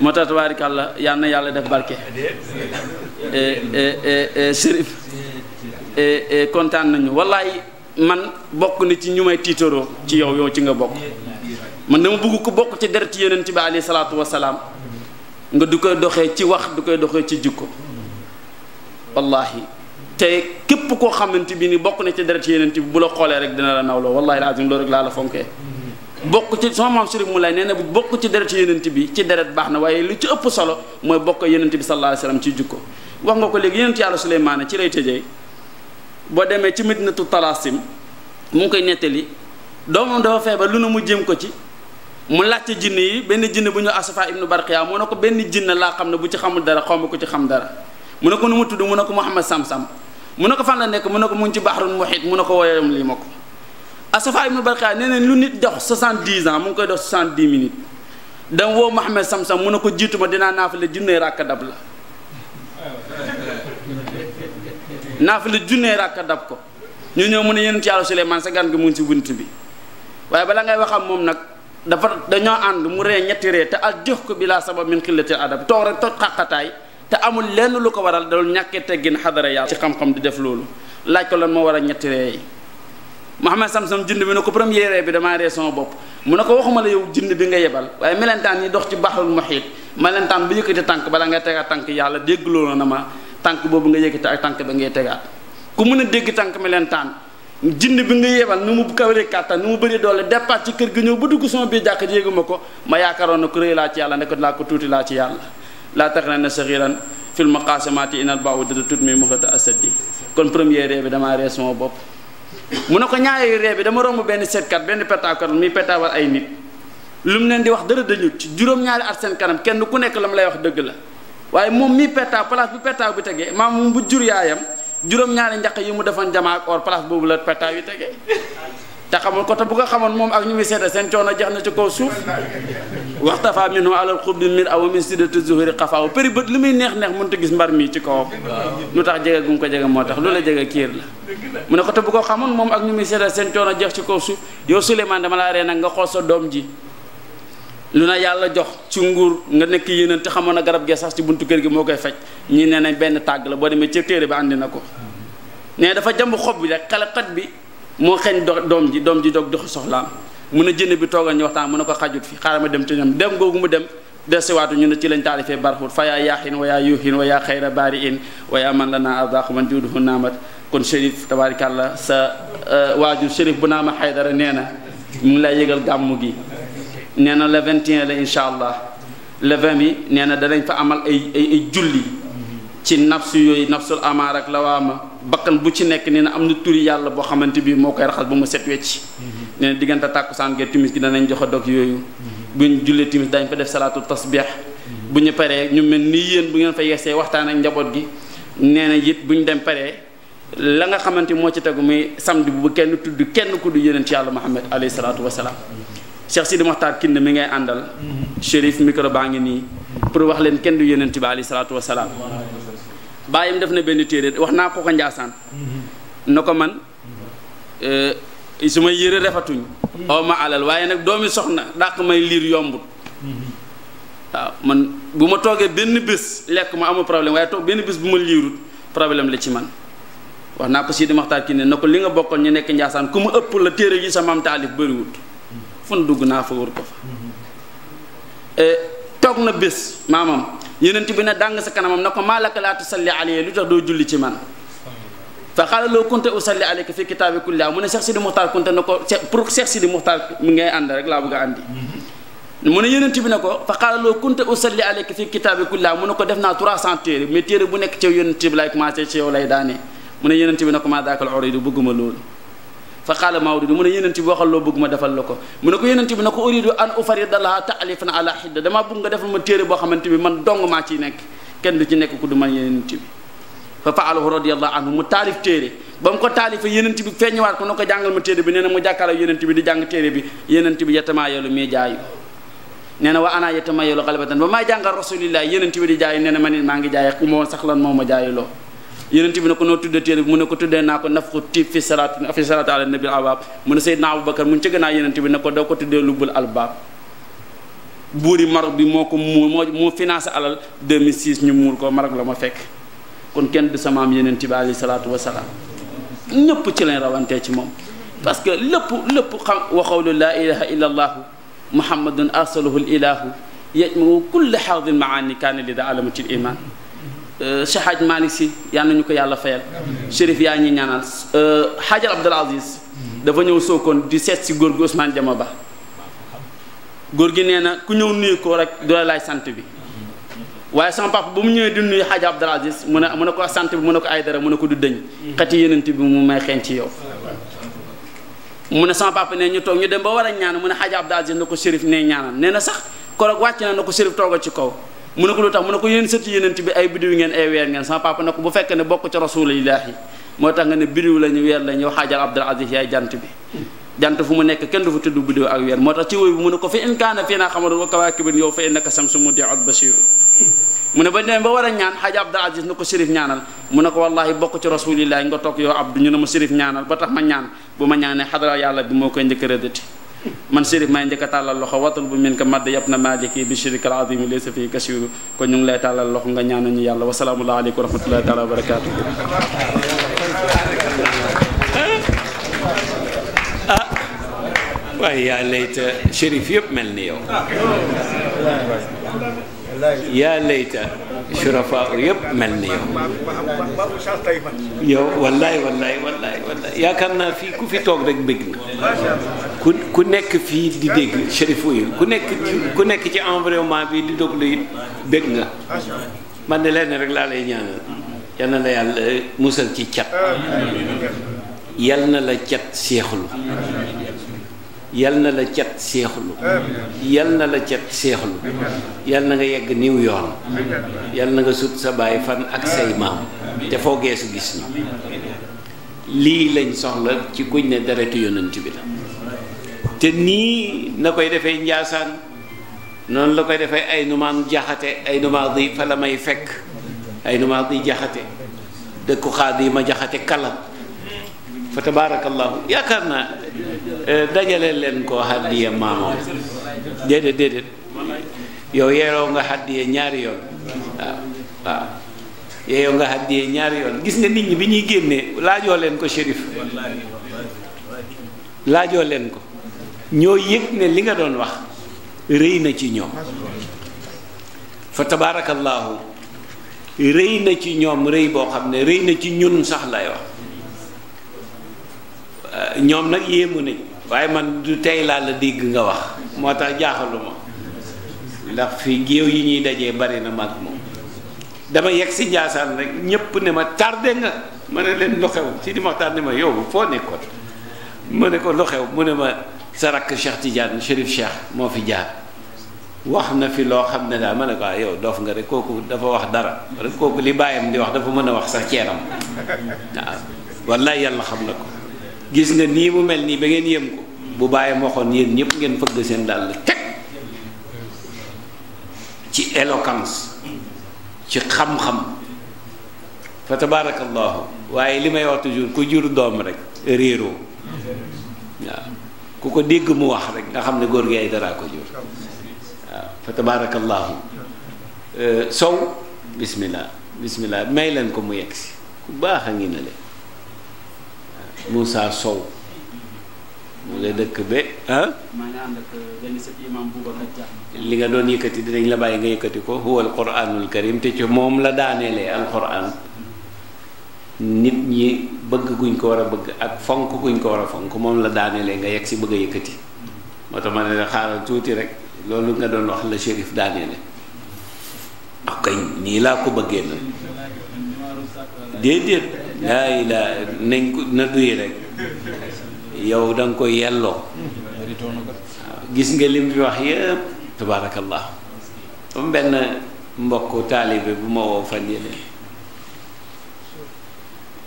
moo tax tabaarikàlla yal na yàlla def barke eh, eh, eh, sérif kontaan nañu wallaay man bokk na ci ñu may tiitaroo ci yow yow ci nga bokk man dama bugg ko bokk ci deret yeneen ci bi alayhi salaatu wasalaam nga du koy doxee ci wax du koy doxee ci jikko wallahi te képp koo xamante bi ni bokk na ci deret yeneen bi bu la xoolee rek dina la nawloo wallahi lazim loolu rek laa la fonkee bokk ci sama maam Sëriñ mu lay nee na bokk ci deret yenent bi ci deret baax na waaye li ci ëpp solo mooy bokk yenent bi sallallahu alayhi wasallam ci jukko wax nga ko léegi yenent yàlla Suleymaana ci lay tëjee boo demee ci Midinatu Talasim mu ngi koy nettali doomam dafa feebar lu ne mu jéem ko ci mu laajte jinn yi benn jinn bu ñu Asafa ibnu Barqiya mu ne ko benn jinn laa xam ne bu ci xamul dara xaw ma ko ci xam dara mu ne ko nu mu tudd mu ne ko Muhammad Sam Sam mu ne ko fan la nekk mu ne ko mu ngi ci Bahrul Muhit mu ne ko woyam lii ma ko Assafa ah, mu Barqa nee nañ lu nit dox 70 ans mu ngi koy dox 70 minutes dama woo Mouhamed Samsam mu ne ko jiitu ma dinaa naafale junne ràkk dab la naafale junne ràkk dab ko ñu ñëw mun ne yonent Yàlla Suleymaan sa gan gi mu ngi si bunt bi waaye bala ngay wax ak moom nag dafa dañoo ànd mu ree ñetti ree te al jox ko bi laa sabab min xillatil adab toog rek toj xaqataay te amul lenn lu ko waral dalul ñàkkee teggin xadara yàlla ci di def loolu laaj ko lan moo war a ñetti ree Mouhamed Samson jënd bi ne ko premier ree bi damaa ree sama bopp mu ne ko waxuma la yow jënd bi nga yebal waaye melentaan yi dox ci baxrul muhiit melentaan bu yëkkati tànk bala nga tegaat tànk yàlla déggloo na ma tànk boobu nga yëkkati ak tànk ba ngay tegaat ku mun a dégg tànk melentaan jënd bi nga yebal nu mu kawre kàttan nu mu bëri doole départ ci kër gi ñëw ba dugg sama biir jàkk yéeguma ko ma yaakaaroon na ku rëy laa ci yàlla ne ko laa ko tuuti laa ci yàlla laa tax na ne saxiran fil maqaasamaati inal baawu dada tut mi muxata asadi kon premier ree bi damaa ree sama mu ne ko ñaaya yu ree bi dama romb benn seetkat benn petaakat mi petaawal ay nit lu mu leen di wax dara dañu ci juróom-ñaari at seen kanam kenn ku nekk la mu lay wax dëgg la waaye moom mii petaaw place bu petaaw bi tegee maam moom bu jur yaayam juróom-ñaari njaq yi mu defoon jamaa ak or place boobu la petaaw yi tegee te xamoon ko te bu ko xamoon moom ak ñu muy seeta seen coono jeex na ci kaw suuf waxtafaa minhu alal xubli mir aw min siddati zuhuri xafaaw përi bët li muy neex neex mënut a gis mbar mi ci kawam lu tax jege gum ko jege moo tax lu la jege mu ne ko bu ko xamoon moom ak ñu muy seeta seen jeex ci kaw suuf yow Souleymane dama laa ree nag nga xool sa doom ji lu na yàlla jox ci nguur nga nekk yéneen te xamoon na garab gee sax ci buntu kër gi moo koy faj ñi ne nañ benn tàgg la boo demee ci téere bi àndi na ko hmm. ne dafa jamb xob bi rek xalaxat bi moo xeeñ dox doom ji doom ji dog doxi soxlaam mun a jënd bi toogal ñu waxtaan mun a ko xajut fi xaaral ma dem ci ñoom dem googu mu dem desiwaatu ñu ne ci lañ taalifee barxut fa yaa yaaxin wa yaa yuuxin wa yaa xayra baari in wa yaa man la naa ardaaxu man juuduhu naamat kon shérif tabaarikàlla sa euh, waajur shérif bu naa ma xaydara nee na mu ngi lay yëgal gàmmu gi nee na le 21 la incha allah le 20 bi nee na danañ fa amal ay ay julli ci nafsu yooyu nafsul amaar ak ma bakkan bu ci nekk nee na am na turi yàlla boo xamante bi moo koy raxas ba mu set wecc mhm. nee diggante tàkkusaan gi timis gi danañ joxe dog yooyu mhm. buñ jullee timis dañ fa def salaatu tasbih mhm. bu ñu paree ñu mel ni yéen bu ngeen fa yeesee waxtaan ak njaboot gi nee na it bu ñu dem paree la nga xamante moo ci tegu muy samedi bu kenn tudd kenn ku du yeneen yonent yàlla Muhammad alayhi salaatu wasalaam Cheikh Sidi Mokhtar Kinde mi ngay àndal Chérif micro baa ngi nii wax leen kenn du yonent bi alayhi salaatu wasalaam bàyyam def na benn téere wax naa ko ko Njaasaan mhm. na ko man eh, su may yére refatuñ mhm. aw ma alal waaye nag doomi soxna dàq may liir yombut mhm. waaw man bu ma toogee benn bés lekk ma amul problème waaye toog benn bés bu ma liirut problème la ci man wax naa ko Sidi Maxtaar ki ne na ko li nga bokkoon ñu nekk Njaasaan ku ma ëpp la téere yi sa maam taalif bëriwut fun dugg naa fa wër ko fa eh, toog na bés maamam yonent bi ne dàng sa kanamam na ko maalaka laa tusalli alayya lu tax doo julli ci man fa xaala loo kunte usalli alayka fi kitaabi kulli mu ne Cheikh Sidi Muxtaar kunte na ko pour Cheikh Sidi Muxtaar ànd rek a àndi mu ne ko fa xaala loo kunte usalli alayka fi kitaabi kulli mu ne ko def naa 300 téere mais bu nekk ci yonent bi lay commencé ci yow lay daane mu ne yonent bi ne ko maa daakal uridu bëgguma loolu fa qaala mawridu mu ne yeneen bi waxal loo bëgg ma defal la ko mu ne ko yeneen bi na ko uridu an ufarida laha taalifan ala xidda damaa bëgg nga defal ma téere boo xamante bi man dong maa ciy nekk kenn du ci nekk ku du man yeneen bi fa faalahu radiallahu mu taalif téere ba mu ko taalifa yeneen bi feeñuwaat ko na ko jàngal ma téere bi nee na mu jàkkaarloo yeneen bi di jàng téere bi yeneen bi yatamaa yolu mii jaayu nee na wa ana yatamaa yolu xalibatan ba may jàngal rasulillah yeneen maa ngi jaay ku ma woon moo ma jaayuloo yonent bi ne ko noo tuddee téere bi mu ne ko tuddee naa ko nafxu tiib fi salaat fi salaat ala nabil albaab mu ne Seydina Abubakar mu ne ca gannaaw yonent bi ne ko doo ko tuddee lubbul albaab buuri Maroc bi moo ko muur moo moo financé alal 2006 ñu muur ko Maroc la ma fekk kon kenn du sama am yonent bi alayhi salaatu wasalaam ñëpp ci lañ rawantee ci moom parce que lépp lépp xam wa qawlu laa ilaha illa allahu muhammadun arsalahu l ilahu yajmau kulla xardin maani kaana li da alamatil iman Euh, Cheikh Hadj Malick Sy yal nañu ko yàlla fayal Chérif yaa ñuy ñaanal euh, Hadjal Abdoul Aziz mm-hmm. dafa ñëw Sokone di seet si góor gi Ousmane Jama Ba góor gi nee na ku ñëw nuyu ko rek du la sant bi mm-hmm. waaye sama papa ba mu ñëwee di nuyu Hadj Abdoul Aziz mu a mu ne ko sant bi mu ne ko ay dara mun ne ko du dëñ mm-hmm. xati yenent bi mu may xeeñ ci yow mu a sama papa ne ñu toog ñu dem ba war a ñaan mu a Hadj Abdoul Aziz na ko Chérif ne ñaanal nee na sax koroog wàcc ci kaw mu ne ko lu tax mu ne ko yéen sëti yonent bi ay biddiw ngeen ay weer ngeen sama papa ne ko bu fekkee ne bokk ca rasulillahi moo tax nekk kenn du fa moo tax ci wooy bi mu ne ko a ñaan xaaja abdul mu ne ko wallahi bokk ci rasulillahi nga toog yow abdu ñu ne ma tax ma ñaan bu ma ñaanee xadara yàlla bi moo koy njëkk rëddati man shérif may njëkk a tàllal loxo watul bu min ko madd na maliki bi shirk al azim laysa fii kasiru kon ñu ngi lay tàllal loxo nga ñaan nañu yàlla wasalaamu aleykum wa rahmatullahi taala wa barakaatu ah, mel ni yow yaa layta surafaa yëpp mel ni yow. yow wallaay wallaay wallaay wallaay yaakaar naa fii ku fi toog rek bég na ku ku nekk fii di dégg Chérif Ouye ku nekk ku nekk ci environnement bi di déglu it bëgg nga man de lenn rek laa lay ñaanal yal na la yàlla musal ci cat yal na la cat seexlu yal na la cet seexlu yal na la cet seexlu yal na nga yegg niw yoon yal na nga sut sa baay fan ak say maam te foo geesu gis ñu lii lañ soxla ci kuñ ne deretu yonent bi la te nii na koy defee njaasaan noonu la koy defee ay numaan jaxate ay numaan di fa la may fekk ay numaan di jaxate dëkku xaad yi ma jaxate kalam fa tabarakallahu yaakaar naa eh, dajale leen ko hàddiya maamoom déedéet déedéet yow yeeroo nga hàddiya ñaari yoon waaw waaw yeeyoo nga hàddiya ñaari yoon gis nga nit ñi bi ñuy génnee laajoo leen ko shérif laajoo leen ko ñoo yëg ne li nga doon wax rëy na ci ñoom fa tabarakallahu rëy na ci ñoom rëy boo xam ne rëy na ci ñun sax lay wax ñoom nag mu ne waaye man du tey laa la dégg nga wax moo tax jaaxalu ma ndax fi géew yi ñuy dajee bari na mag moom dama yegg si Njaasaan rek ñépp ne ma tardé nga ma ne leen lu xew si di Maxtaar ne ma yow foo nekkoon ma ne ko lu xew mu ne ma sa rakk Cheikh Tidiane Chérif Cheikh moo fi jaar wax na fi loo xam ne daal ma ne ko ah, yow doof nga rek kooku dafa wax dara rek kooku li bàyyam di wax dafa mën a wax sax ceenam waaw wallaay yàlla xam na ko gis nga nii mu mel nii ba ngeen yëm ko bu moo waxoon yéen ñëpp ngeen fëgg seen dàll teg ci éloquence ci xam-xam fa tabaarakallaahu waaye li may wax toujours ku jur doom rek réeroo waaw ku ko dégg mu wax rek nga xam ne góor gi ay dara ko jur waaw fa tabaarakallaahu euh, sow bismillah bismillah may leen ko mu yegg si ku baax a ngi na leen Moussa soow mu nga dëkk ba ah li nga doon yëkkati dinañ la bàyyi nga yëkkati ko huwa alquranul karim te ci moom la daaneele alquran nit ñi bëgg guñ ko war a bëgg ak fonk guñ ko war a fonk moom la daaneele nga yegg si bëgg a yëkkati moo tax ma xaaral tuuti rek loolu nga doon wax la shérif daaneele ak ah, kay laa ko bëggee na déedéet laa ilaa nañ ko na duy rek yow da nga ko yelloo gis nga lim bi wax yëpp tabaarakallah am benn mbokk taalibe bu ma woo fan yële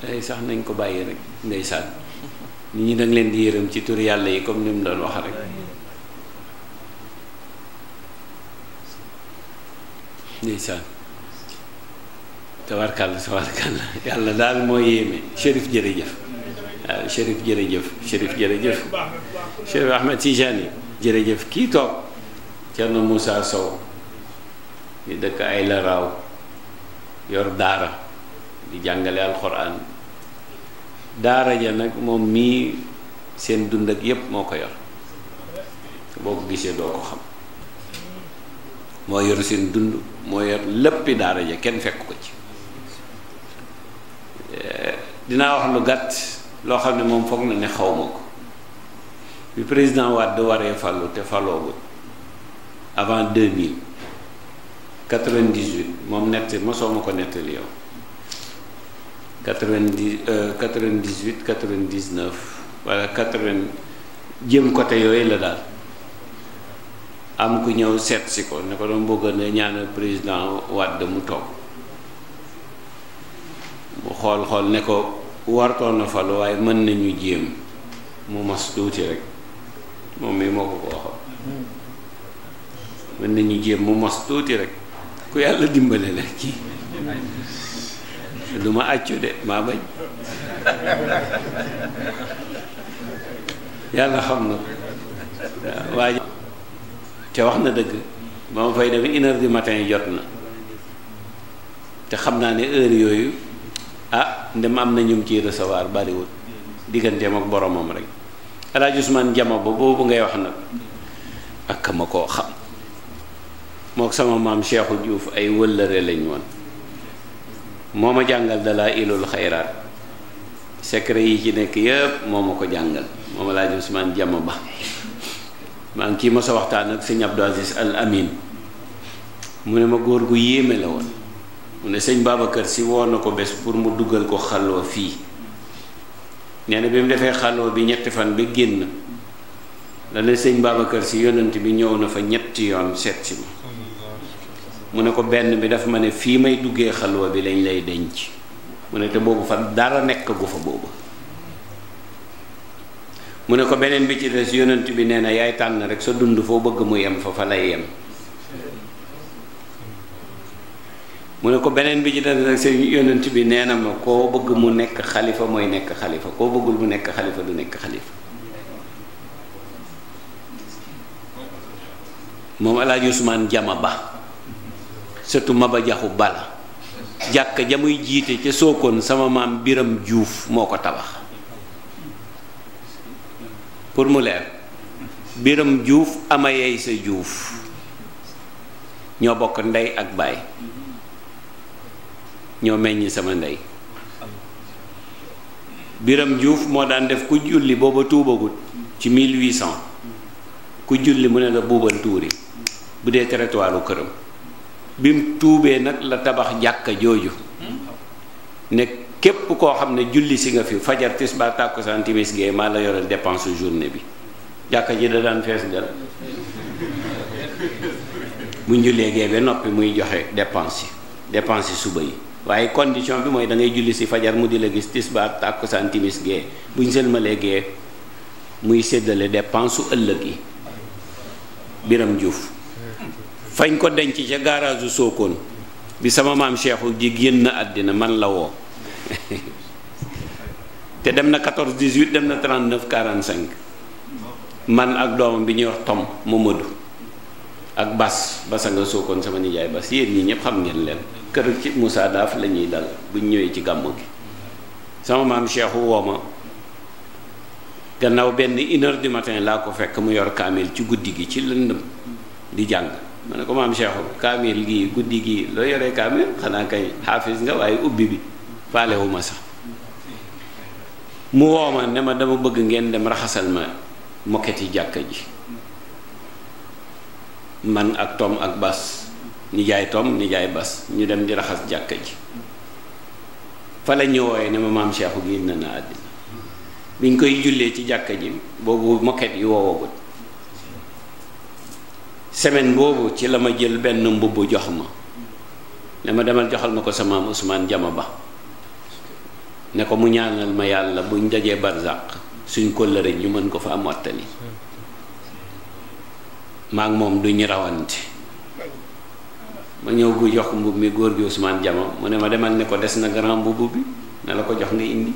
ay sax nañ ko bàyyi rek ndeysaan nit ñi da leen di yërëm ci tur yàlla yi comme ni mu doon wax rek tabarkàlla tabarkàlla yàlla daal moo yéeme Chérif jërëjëf waaw Chérif jërëjëf Chérif jërëjëf Chérif Ahmed Tijani jërëjëf kii toog Thierno Moussa Sow di dëkk ay la raaw yor daara di jàngale alxuraan daara ja nag moom mii seen dund ak yépp moo ko yor boo ko gisee doo ko xam moo yor seen dund moo yor léppi daara ja kenn fekk ko ci dinaa wax lu gàtt loo xam ne moom foog na ne xaw ma ko bi président Wade waree falu te faloogu avant 2000 98 moom nett mosoo ma ko nettali yow 90 98 99 wala 80 jëm côté yooyu la daal am ku ñëw seet si ko ne ko doon bëgg a ñaanal président Wade mu toog bu xool xool ne ko wartoon na falu waaye mën nañu jéem mu mos tuuti rek moom mi moo ko ko waxoon mën nañu jéem mu mos tuuti rek ku yàlla dimbale la ci duma ma àccu de maa bañ yàlla xam na waa ji te wax na dëgg ba ma fay dem une heure matin jot na te xam naa ne heure yooyu ah ndem am na ñu ngi ciy recevoir bariwul digganteem ak boromam rek El Hadj jama ba boobu ngay wax nag ak ma koo xam mook sama maam Cheikhou Diouf ay wëllëre lañ woon moo ma jàngal dalaa ilul xayraat secret yi ci nekk yépp moo ma ko jàngal moom El Hadj Ousmane jama ba maa ngi ciy mos a waxtaan ak sëñ Abdou Aziz Al Amin mu ne ma góor gu yéeme la woon mu ne sëñ Babacar si woo na ko bés pour mu dugal ko xaloo fii nee na bi mu defee xaloo bi ñetti fan bi génn dana sëñ Babacar si yonant bi ñëw na fa ñetti yoon seet ma mu ne ko benn bi daf ma ne fii may duggee xalwa bi lañ lay denc mu ne te boobu fa dara nekk gu fa boobu mu ne ko beneen bi ci des yonant bi nee na yaay tànn rek sa dund foo bëgg mu yem fa fa lay yem mu ne ko beneen bi ci nag seen yonent bi nee na ma koo bëgg mu nekk xalifa mooy nekk xalifa koo bëggul mu nekk xalifa du nekk xalifa moom Jama Ba surtout Maba Jaxu Bala jàkk ja muy jiite ca Sokone sama maam Biram Juuf moo ko tabax pour mu leer Biram Juuf ama yey sa Juuf ñoo bokk ndey ak baay ñoo meññ sama ndey Biram Diouf moo daan def ku julli booba tuubagut ci 1800 ku julli mu ne la buubal tuuri bu dee territoire këram bi mu tuubee nag la tabax jàkka jooju ne képp koo xam ne julli si nga fi fajar tisbaar tàkkusaan timis gee maa la yoral dépense journée bi jàkka ji da daan fees del bu ñu jullee ba noppi muy joxe dépense yi dépense yi suba yi waaye condition bi mooy dangay ngay julli si fajar mu di la gis tisbaar tàkkusaan timis gee bu ñu ma gee muy séddale dépense su ëllëg yi Biram juuf fañ ko denc ca garage sookoon bi sama maam Cheikhu ji génn àddina man la woo te dem na 14 18 dem na 39 45 man ak doomam bi ñuy wax Tom Momadou ak Bas Basa nga Sokone sama nijaay Bas yéen ñi ñëpp xam ngeen leen. kër ci Moussa Daaf lañuy dal buñ ñëwee ci gàmmu gi sama maam Cheikh woo gannaaw benn une heure du matin laa ko fekk mu yor kaamil ci guddi gi ci lëndëm di jàng ma ne ko maam Cheikh kaamil gi guddi gi loo yore kaamil xanaa kay xaafis nga waaye ubbi bi faalewu ma sax mu woo ne ma dama bëgg ngeen dem raxasal ma moket yi jàkka ji man ak Tom ak Bas nijaay Tom nijaay Bas ñu dem di raxas jàkka ji fa la ñu wooye ne ma maam Cheikhu génn na àddina biñ koy jullee ci jàkka ji boobu mokket yi woowagut semaine boobu ci la ma jël benn mbubb jox ma ne ma demal joxal ma ko sa maam Ousmane Jama Ba ne ko mu ñaanal ma yàlla buñ dajee barzaq suñ kóllëre ñu mën ko fa mottali maa ngi moom duñ rawante ma ñëw bu jox ko mbubb mi góor gi Ousmane Jama mu ne ma demal ne ko des na grand mbubb bi na la ko jox nga indi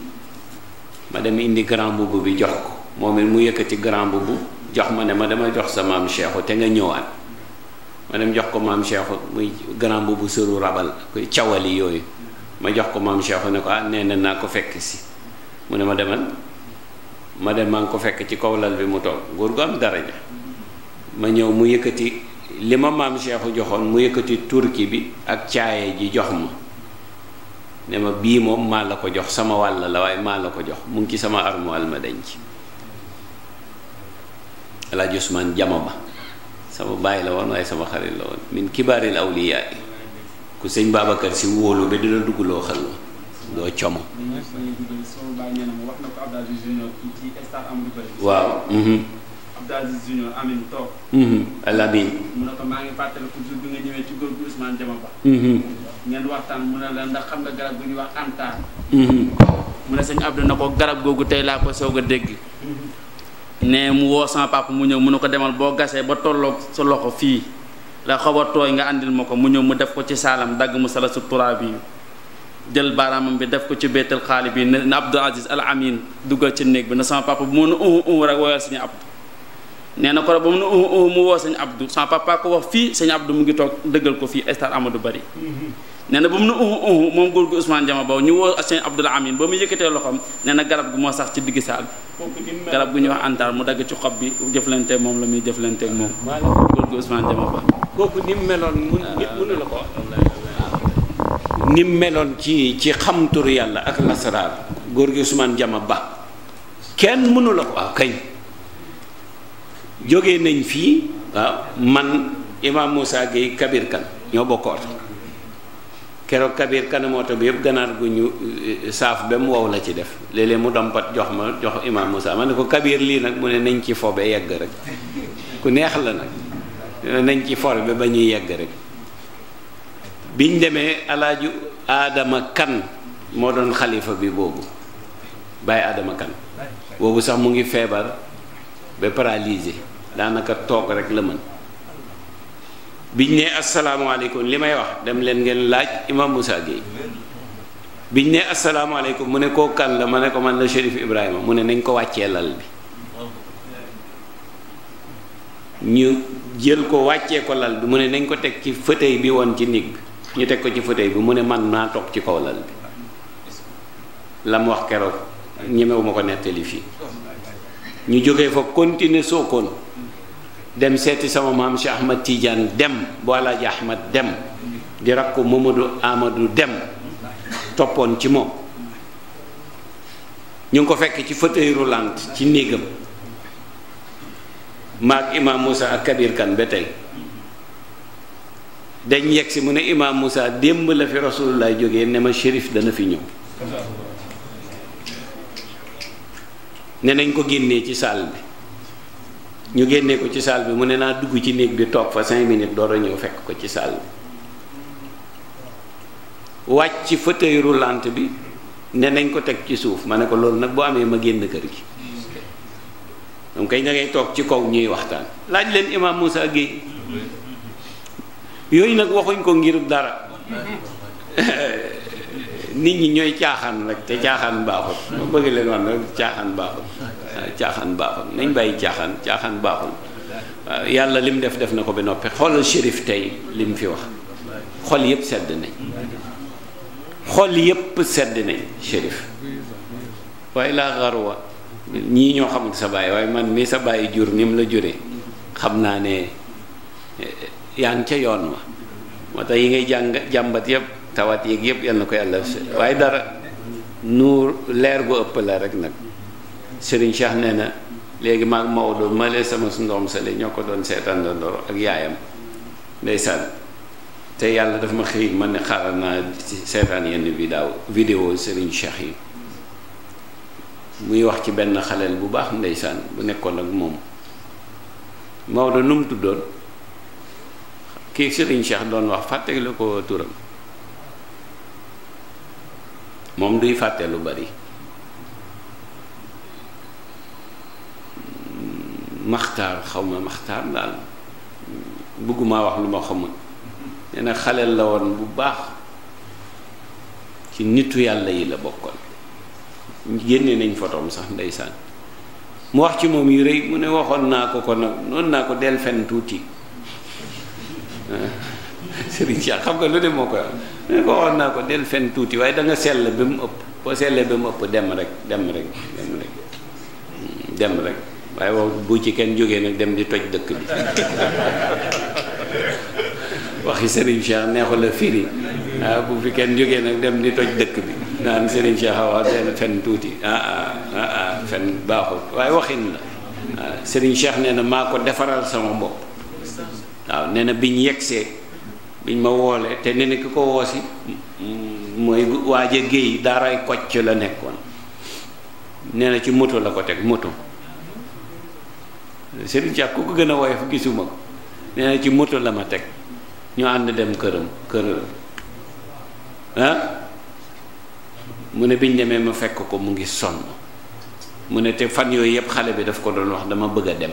ma dem indi grand mbubb bi jox ko moom it mu yëkkati grand mbubb jox ma ne ma dama jox sa maam te nga ñëwaat ma dem jox ko maam muy grand mbubb sëru rabal koy cawali yooyu ma jox ko maam Cheikhu ne ko ah nee naa ko fekk si mu ne ma demal ma dem maa ngi ko fekk ci kaw lal bi mu toog góor gu am daraja ma ñëw mu yëkkati li ma maam Cheikhu joxoon mu yëkkati turki bi ak caaye ji jox ma ne ma bii moom maa la ko jox sama wàll la waaye maa la ko jox mu ngi ci sama armoire ma denc Alaaji Usmaan jama ba sama bàyyi la woon waaye sama xarit la woon min kibaaril awliyaa ku sëñ Babacar si wóolu ba dina dugg loo doo como waaw mhm. Mhm. Abdelaziz Junior Amine toog. Mhm, Lamine. mu ne ko bi nga ñëwee ci góor gu Ousmane mhm. mu ne la ndax xam nga garab bu ñuy wax na mhm. ko garab googu tey laa ko soog a dégg. ne mu woo sama papa mu ñëw mu ne ko demal boo gasee ba tolloog sa loxo fii la xaw tooy nga àndil ma ko mu ñëw mu def ko ci saalam dagg mu sa su turaab yi jël baaraamam bi def ko ci béytal xaali bi ne Abdou Aziz Al Amin ci néeg bi na sama papa mu ne uhu uhu uh, rek woyal suñu Abdou. nee na ko ba mu ne oh, oh, mu woo sëñ Abdou sama papa ko wax fii sëñ Abdou mu ngi toog dëggal ko fii stade Amadou Barry mm-hmm. nee na ba mu ne uhu oh, uhu moom góor gu Ousmane Jama Baw ñu woo sëñ Abdoul Amin ba nee na garab gu moo sax ci digg saal bi garab ñuy wax antar mu dagg ci xob bi jëflanteeg moom la muy jëflanteeg moom góor gu Ousmane Jama Baw kooku ni mu meloon mu ah, nit mënu la ko ni meloon ci ci xamturu yàlla ak nasaraar góor gi Ousmane Jama Ba kenn mënu la ko waaw jóge nañ fii waaw man imam Moussa Gueye Kabir Kane ñoo bokk oto keroog Kabir Kane moto bi yëpp ganaar gu ñu eh, saaf ba wow la ci def léeg-léeg mu dompat jox ma jox imam Moussa ma ne ko Kabir lii nag mu ne nañ ci fobe yegg rek ku neex la nag nañ ci forbe ba ñuy yegg rek biñ demee alaaju aadama kan moo doon xalifa bi boobu bàyyi Adama Kane boobu sax mu ngi feebar ba paralysé daanaka toog rek la mën biñ ne asalaamaaleykum li may wax dem leen ngeen laaj imam Moussa Gueye biñ ne asalaamaaleykum mu ne koo kan la ma ne ko man la Chérif Ibrahima mu ne nañ ko wàccee lal bi ñu jël ko wàccee ko lal bi mu ne nañ ko teg ci fauteuil bi woon ci néeg bi ñu teg ko ci fauteuil bi mu ne man naa toog ci kaw lal bi lam wax keroog ñemewuma ko nettali fii ñu jógee fa continuer Sokone dem seeti sama maam Cheikh Ahmad Tidiane dem bu Alaaji Ahmad dem di rakku Mamadou Amadou dem toppoon ci moom ñu ngi ko fekk ci fauteuil roulant ci néegam maag imaam musa ak Kabir Kan ba tey dañ yegg si mu ne imaam musa démb la fi rasulullah jógee ne ma shérif dana fi ñëw ne nañ ko génnee ci saal bi ñu génnee ko ci saal bi mu ne naa dugg ci néeg bi toog fa cinq minutes door a ñëw fekk ko ci saal bi wàcc ci fauteuil bi ne nañ ko teg ci suuf ma ne ko loolu nag boo amee ma génn kër gi donc kay da ngay toog ci kaw ñuy waxtaan laaj leen imam Moussa Guèye yooyu nag waxuñ ko ngir dara nit ñi ñooy caaxaan rek te caaxaan baaxul ma bëgg leen wax nag caaxaan baaxul caaxaan baaxul nañ bàyyi caaxaan caaxaan baaxul waaw yàlla lim def def na ko ba noppee xoolal shérif tey lim fi wax xol yëpp sedd nañ xol yëpp sedd nañ shérif waaye laa xarwa ñii ñoo xamul sa baay waaye man mii sa bàyyi jur ni mu la jure xam naa ne eh, yaa ngi ca yoon wa moo tax yi ngay jàng jàmbat yépp tawat yeeg yëpp yal na ko yàlla waaye dara nuur leer gu ëpp la rek nag sëriñ Cheikh nee na léegi maag ma male sama su ndoom sale ñoo ko doon seetaandandoor ak yaayam ndeysaan te yàlla daf ma xëy man ne xaaral naa seetaan yenn vidéo vidéo Serigne Cheikh yi muy wax ci benn xaleel bu baax ndaysaan bu nekkoon ak moom Maodo nu mu tuddoon kii Serigne Cheikh doon wax fàtte la ko turam moom duy fàtte lu bari maxtaar xaw ma maxtaar daal bëgguma wax lu ma xamul nee na xaleel la woon bu baax ci nitu yàlla yi la bokkoon génne nañ fotoom sax ndeysaan mu wax ci moom yu rëy mu ne waxoon naa ko ko nag noonu naa ko del fen tuuti sëriñ xam nga lu ne moo koy am mu ne ko waxoon naa ko del fen tuuti waaye danga nga sell ba mu ëpp boo sellee ba mu ëpp dem rek dem rek dem rek hmm, waaye wax bu ci kenn jógee nag dem di toj dëkk bi waxi Serigne Cheikh neexu la firi ah bu nag dem di toj dëkk bi naan Serigne Cheikh awa den fen tuuti ah ah, ah, ah fen baaxul waaye waxin la ah Serigne Cheikh nee na maa ko defaral sama bopp waaw nee bi ñu yegsee biñ ma woolee te ne ne ki ko woosi mooy waaje géey daaray kocc la nekkoon nee na ci moto la ko teg moto Serigne Cheikh ku ko gën a woyof gisuma ko nee na ci moto la ma teg ñu ànd dem këram kër ah mu ne biñ demee ma fekk ko mu ngi sonn mu ne te fan yooyu yëpp xale bi daf ko doon wax dama bëgg a dem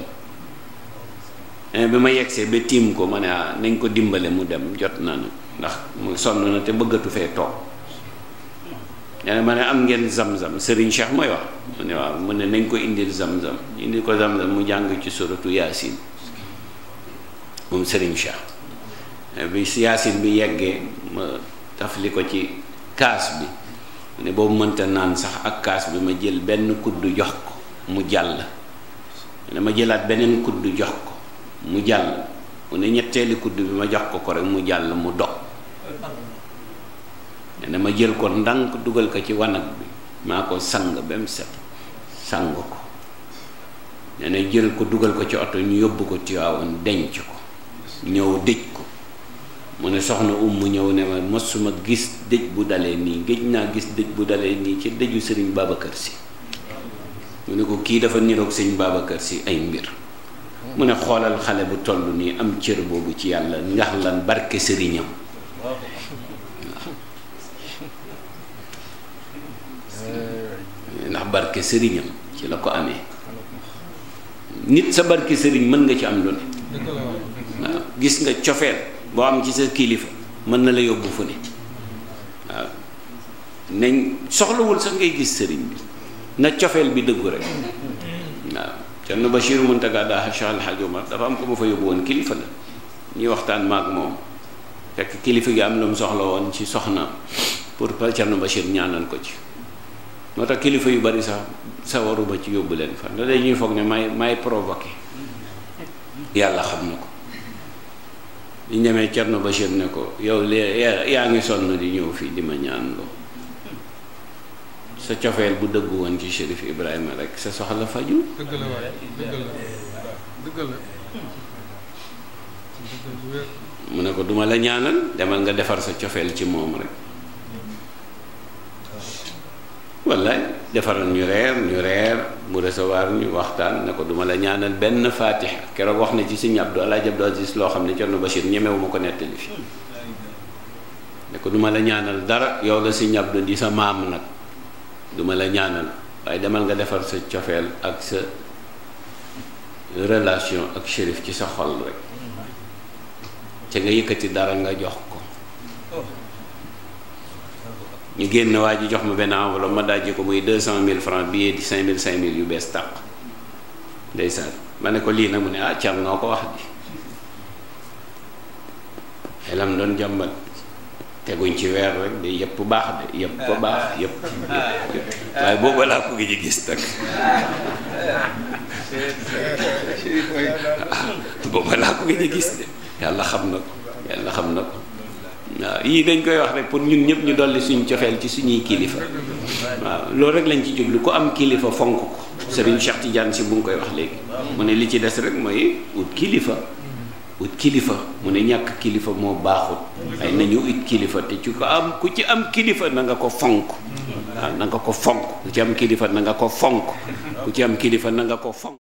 Eh, bi ma yegsee ba tiim ko ma ne ah nañ ko dimbale mu dem jot na nag ndax mu sonn na te bëggatu fee toog nee ma ne am ngeen zam-zam Serigne Cheikh mooy wax mu ne nañ ko indi zam-zam indil ko zam-zam mu jàng ci suratu yaasin moom Serigne Cheikh eh, bi yaasin bi yeggee ma tafli ko ci kaas bi ne boobu mënta naan sax ak kaas bi ma jël benn kudd jox ko mu jàll ne jëlaat beneen kudd jox ko mu jàll mu ne ñetteeli kudd bi ma jox ko ko rek mu jàll mu dog ne na ma jël ko ndànk dugal ko ci wanag bi maa ko sang ba set sang ko ne na jël ko dugal ko ci oto ñu yóbbu ko Tiwaawan denc ko ñëw dëj ko mu ne soxna ummu ñëw ne ma mosuma gis dëj bu dalee nii géej naa gis dëj bu dalee nii ci dëju sëriñ Babacar Si mu ne ko kii dafa niroog sëñ Babacar Si ay mbir mu ne xoolal xale bu toll nii am cër boobu ci yàlla ndax lan barke sëriñam ndax barke sëriñam ci la ko amee nit sa barke sëriñ mën nga ci am lu ne waaw gis nga cofeel boo am ci sa kilifa mën na la yóbbu fu ne waaw nañ soxlawul sax ngay gis sëriñ bi na cofeel bi dëggu rek waaw Cerno Bachir Muntaga daa Cheikh Al Hadj Omar dafa am ko ma fa yóbbu woon kilifa la ñuy waxtaan maag moom fekk kilifa gi am lu mu soxla woon ci soxna pour par Cerno Bachir ñaanal ko ci moo tax kilifa yu bari sax sawaruma ci yóbbu leen fa da dañuy foog ne may may provoqué yàlla xam na ko li ñemee Cerno Bachir ne ko yow lee yaa ngi sonn di ñëw fii di ma ñaan loo sa cofeel bu dëggu woon ci Chérif Ibrahima rek sa soxla faju dëgg la ne ko duma la ñaanal demal nga defar sa cofeel ci moom rek wallaay defaral ñu reer ñu reer mu recevoir ñu waxtaan ne ko duma la ñaanal benn faatiha keroog wax na ci sëñ Abdou Alaaji Abdou Aziz loo xam ne Cerno Bachir ñemewu ko nettali fi ne ko duma la ñaanal dara yow la sëñ Abdou di sa maam nag duma la ñaanal waaye demal nga defar sa cofeel ak sa relation ak shérif ci sa xol rek ca nga yëkkati dara nga jox ko ñu génn waa ji jox ma benn enveloppe ma dàjj ko muy deux cent mille francs billet di cinq mille cinq mille yu bees tàq ndeysaan ma ne ko lii nag mu ne ah cam noo ko wax bi xelam doon jàmbat teguñ ci weer rek de yëpp baax de yëpp ah. baax yëpp yëpp waaye boobu laa ko gëj a gis nag ah, boobu laa ko gëj a gis yàlla xam na ko yàlla xam na ko waaw yii dañ koy wax rek pour ñun ñëpp ñu dolli suñu cofeel ci suñuy kilifa waaw loolu rek lañ ci jublu ku am kilifa fonk ko Serigne Cheikh Tidiane si bu ngi koy wax léegi mu ne li ci des rek mooy ut kilifa ut kilifa mu ne ñàkk kilifa moo baaxut ay nañu ut kilifa te ci ko am ku ci am kilifa na nga ko fonk waaw mm-hmm. ah, na nga ko fonk ku ci am kilifa na nga ko fonk ku ci am kilifa na nga ko fonk